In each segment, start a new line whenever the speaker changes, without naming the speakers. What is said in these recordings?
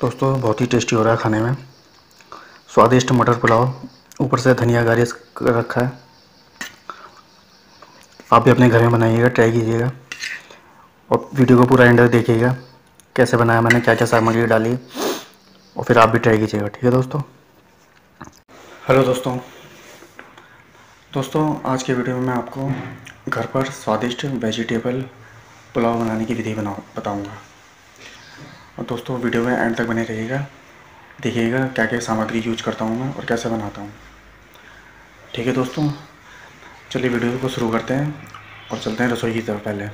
दोस्तों बहुत ही टेस्टी हो रहा है खाने में स्वादिष्ट मटर पुलाव ऊपर से धनिया कर रखा है आप भी अपने घर में बनाइएगा ट्राई कीजिएगा और वीडियो को पूरा एंड तक देखिएगा कैसे बनाया मैंने क्या क्या सामग्री डाली और फिर आप भी ट्राई कीजिएगा ठीक है दोस्तों हेलो दोस्तों दोस्तों आज के वीडियो में मैं आपको घर पर स्वादिष्ट वेजिटेबल पुलाव बनाने की विधि बनाऊँ बताऊँगा और दोस्तों वीडियो में एंड तक बने रहिएगा देखिएगा क्या क्या सामग्री यूज करता हूँ मैं और कैसे बनाता हूँ ठीक है दोस्तों चलिए वीडियो को शुरू करते हैं और चलते हैं रसोई की तरफ पहले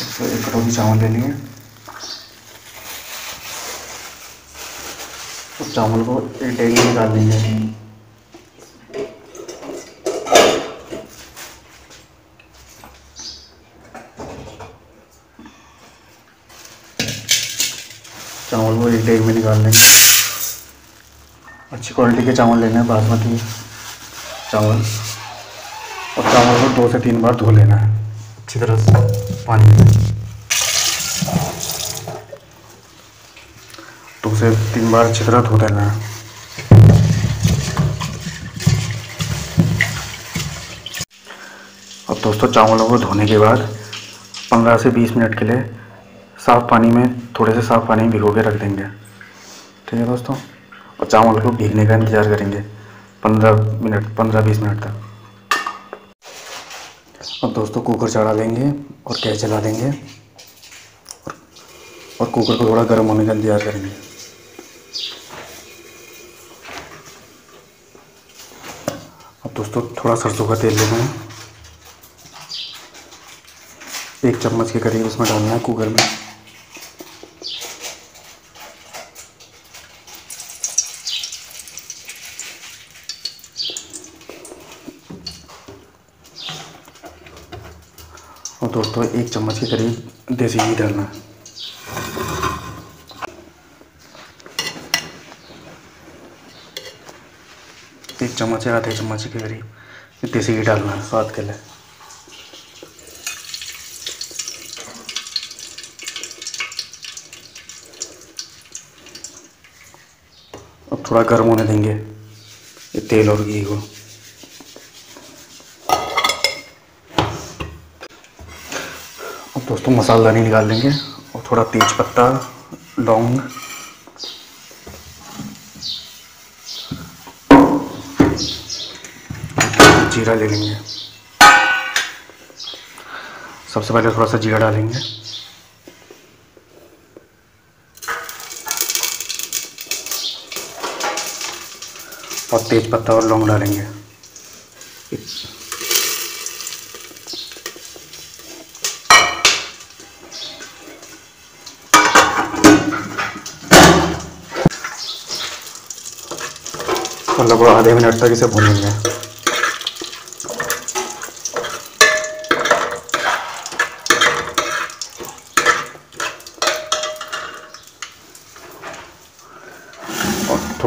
कटोरी चावल ले लिए चावल को डेली निकाल लेंगे चावल को एक डेग में निकाल लेंगे अच्छी क्वालिटी के चावल लेने हैं बासमती चावल और चावल को दो से तीन बार धो लेना है अच्छी तरह से पानी में से तीन बार अच्छी तरह धो देना है अब दोस्तों चावलों को धोने के बाद 15 से 20 मिनट के लिए साफ़ पानी में थोड़े से साफ़ पानी में भिगो के रख देंगे ठीक है दोस्तों और चावल को भीगने का इंतज़ार करेंगे 15 मिनट 15-20 मिनट तक अब दोस्तों कुकर चढ़ा देंगे और गैस चला देंगे और कुकर को थोड़ा गर्म होने का इंतज़ार करेंगे दोस्तों थोड़ा सरसों का तेल लेना है एक चम्मच के करीब इसमें डालना है कुकर में और दोस्तों एक चम्मच के करीब देसी घी डालना है चम्मच या आधे चम्मच के करीब देसी घी डालना है स्वाद के लिए अब थोड़ा गर्म होने देंगे ये तेल और घी को अब दोस्तों मसाला नहीं निकाल लेंगे और थोड़ा तेज पत्ता लौंग जीरा ले लेंगे सबसे पहले थोड़ा सा जीरा डालेंगे और तेज पत्ता और लौंग डालेंगे और लगभग आधे मिनट तक इसे भूनेंगे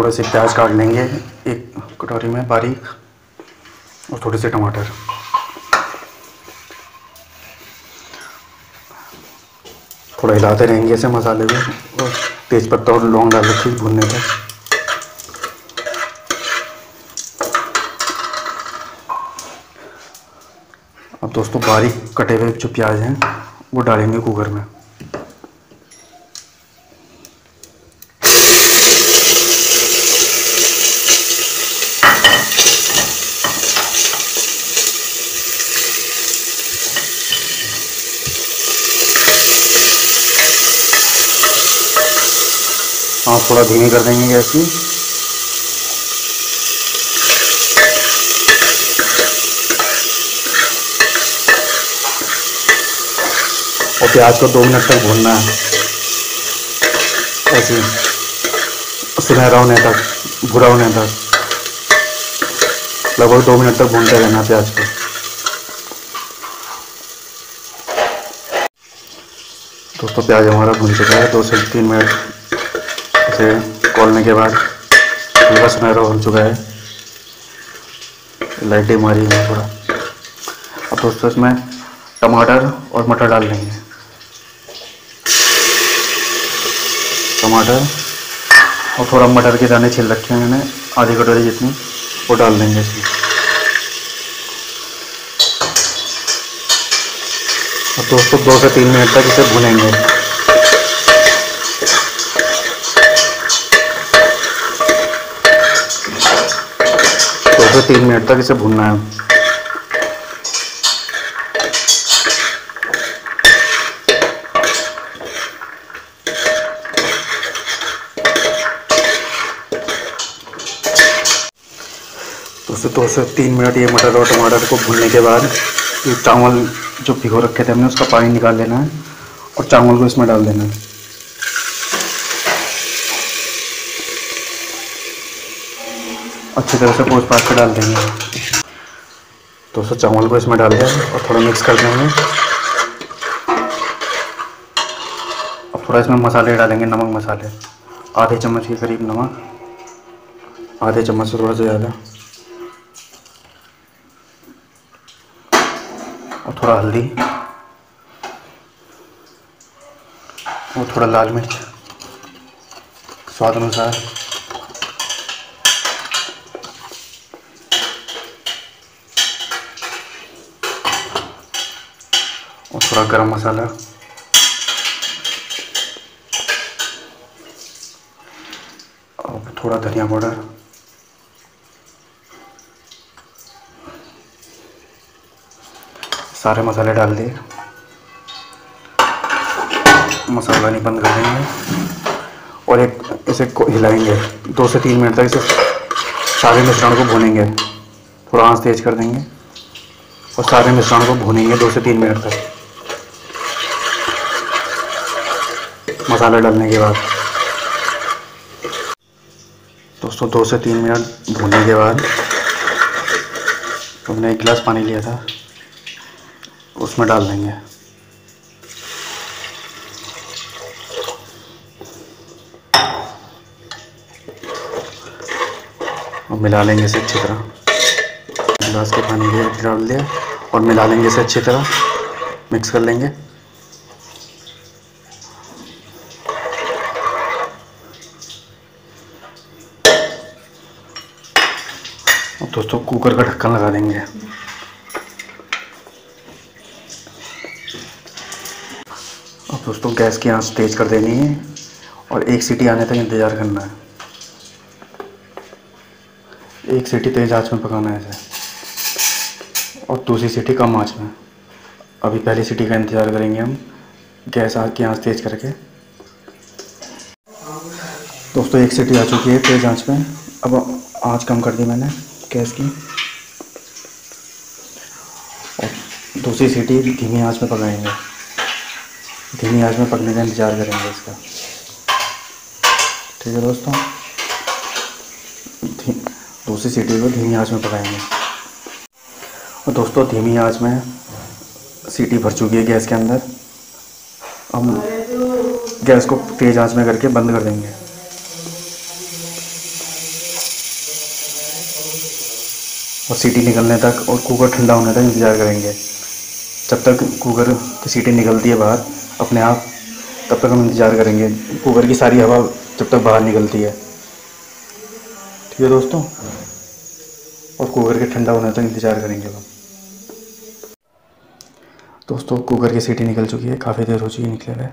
थोड़े से प्याज काट लेंगे एक कटोरी में बारीक और थोड़े से टमाटर थोड़ा हिलाते रहेंगे ऐसे मसाले में और तेज़ पत्ता और लौंग डाल रखी भूनने पर अब दोस्तों बारीक कटे हुए जो प्याज हैं वो डालेंगे कुकर में थोड़ा धीमी कर देंगे गैस की और प्याज को दो मिनट तक भूनना है ऐसे सुनहरा होने तक भूरा होने तक लगभग दो मिनट तक भूनते रहना प्याज को दोस्तों प्याज हमारा भून चुका है दो से तीन मिनट से खोलने के बाद हल्का सुनहरा हो चुका है लाइटें मारी है थोड़ा अब दोस्तों इसमें टमाटर और मटर डाल देंगे टमाटर और थोड़ा मटर के दाने छिल रखे हैं मैंने आधी कटोरी जितनी वो डाल देंगे इसमें अब दोस्तों दो से तीन मिनट तक इसे भूनेंगे से तो तीन मिनट तक इसे भूनना है दोस्तों दो तो से तीन मिनट ये मटर और टमाटर को भूनने के बाद ये चावल जो भिगो रखे थे हमने उसका पानी निकाल लेना है और चावल को इसमें डाल देना है अच्छी तरह से पोस्ट पाट के डाल देंगे तो सर चावल को इसमें डाल दें और थोड़ा मिक्स कर देंगे और थोड़ा इसमें मसाले डालेंगे नमक मसाले आधे चम्मच के करीब नमक आधे चम्मच से थोड़ा सा ज़्यादा और थोड़ा हल्दी और थोड़ा लाल मिर्च स्वाद अनुसार थोड़ा गरम मसाला और थोड़ा धनिया पाउडर सारे मसाले डाल दिए मसाला नहीं बंद कर देंगे और एक इसे हिलाएंगे दो से तीन मिनट तक इसे सारे मिश्रण को भूनेंगे थोड़ा आंच तेज कर देंगे और सारे मिश्रण को भूनेंगे दो से तीन मिनट तक मसाला डालने के बाद दोस्तों दो से तीन मिनट भूनने के बाद हमने एक गिलास पानी लिया था उसमें डाल देंगे और मिला लेंगे इसे अच्छी तरह गिलास के पानी डाल दिया और मिला लेंगे इसे अच्छी तरह मिक्स कर लेंगे दोस्तों कुकर का ढक्कन लगा देंगे अब दोस्तों गैस की आंच तेज कर देनी है और एक सीटी आने तक इंतज़ार करना है एक सीटी तेज आंच में पकाना है इसे और दूसरी सीटी कम आंच में अभी पहली सीटी का इंतज़ार करेंगे हम गैस आँच की आँच तेज़ करके दोस्तों एक सीटी आ चुकी है तेज़ आँच में अब आँच कम कर दी मैंने गैस की और दूसरी सीटी धीमी आंच में पकाएंगे धीमी आंच में पकने का इंतज़ार करेंगे इसका ठीक है दोस्तों दूसरी सीटी को धीमी आंच में पकाएंगे और दोस्तों धीमी आंच में सीटी भर चुकी है गैस के अंदर हम गैस को तेज़ आंच में करके बंद कर देंगे और सीटी निकलने तक और कुकर ठंडा होने तक इंतज़ार करेंगे जब तक कुकर की सीटी निकलती है बाहर अपने आप तब तक हम इंतज़ार करेंगे कुकर की सारी हवा जब तक बाहर निकलती है ठीक है दोस्तों और कुकर के ठंडा होने तक इंतज़ार करेंगे हम दोस्तों कुकर की सीटी निकल चुकी है काफ़ी देर हो चुकी है निकले हुए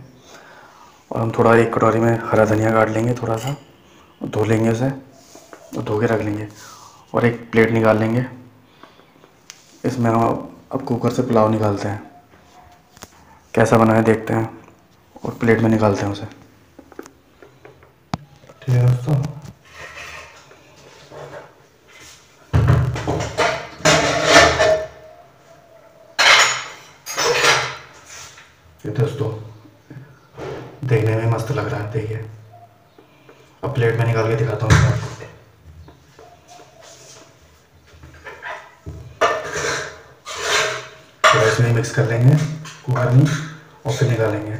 और हम थोड़ा एक कटोरी में हरा धनिया काट लेंगे थोड़ा सा धो लेंगे उसे और धो के रख लेंगे और एक प्लेट निकाल लेंगे इसमें हम अब कुकर से पुलाव निकालते हैं कैसा बना है देखते हैं और प्लेट में निकालते हैं उसे ठीक है दोस्तों दोस्तों देखने में मस्त लग रहा है देखिए अब प्लेट में निकाल के दिखाता हूँ आपको मिक्स कर लेंगे कुकर में और फिर निकालेंगे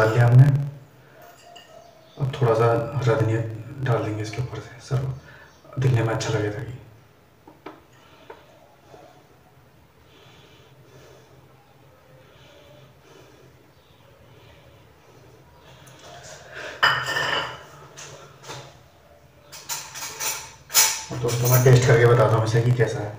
निकाल लिया हमने अब थोड़ा सा हरा धनिया डाल देंगे इसके ऊपर से सर दिखने में अच्छा लगेगा कि दोस्तों मैं टेस्ट करके बताता हूँ इसे कि कैसा है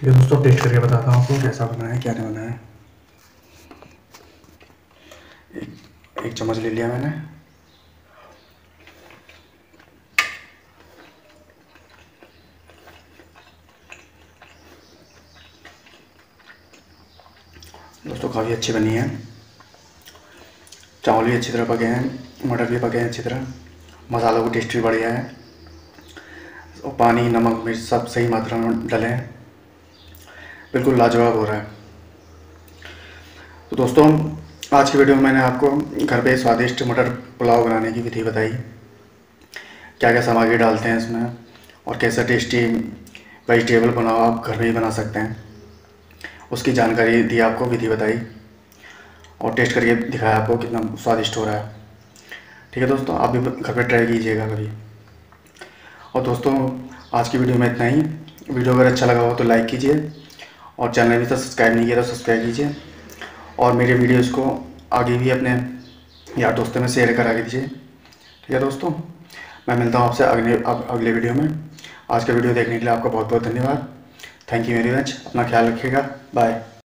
ठीक है दोस्तों टेस्ट करके बताता हूँ आपको कैसा बनाया है क्या नहीं बनाया है एक एक चम्मच ले लिया मैंने दोस्तों काफ़ी अच्छी बनी है चावल भी अच्छी तरह पके हैं मटर भी पके हैं अच्छी तरह मसालों का टेस्ट भी बढ़िया है और पानी नमक मिर्च सब सही मात्रा में डले हैं बिल्कुल लाजवाब हो रहा है तो दोस्तों आज की वीडियो में मैंने आपको घर पे स्वादिष्ट मटर पुलाव बनाने की विधि बताई क्या क्या सामग्री डालते हैं इसमें और कैसा टेस्टी वेजिटेबल पुलाव आप घर में ही बना सकते हैं उसकी जानकारी दी आपको विधि बताई और टेस्ट करके दिखाया आपको कितना स्वादिष्ट हो रहा है ठीक है दोस्तों आप भी घर पर ट्राई कीजिएगा कभी और दोस्तों आज की वीडियो में इतना ही वीडियो अगर अच्छा लगा हो तो लाइक कीजिए और चैनल अभी तक सब्सक्राइब नहीं किया तो सब्सक्राइब कीजिए और मेरे वीडियोस को आगे भी अपने यार दोस्तों में शेयर करा के दीजिए ठीक है दोस्तों मैं मिलता हूँ आपसे अगले अग, अगले वीडियो में आज का वीडियो देखने के लिए आपका बहुत बहुत धन्यवाद थैंक यू वेरी मच अपना ख्याल रखिएगा बाय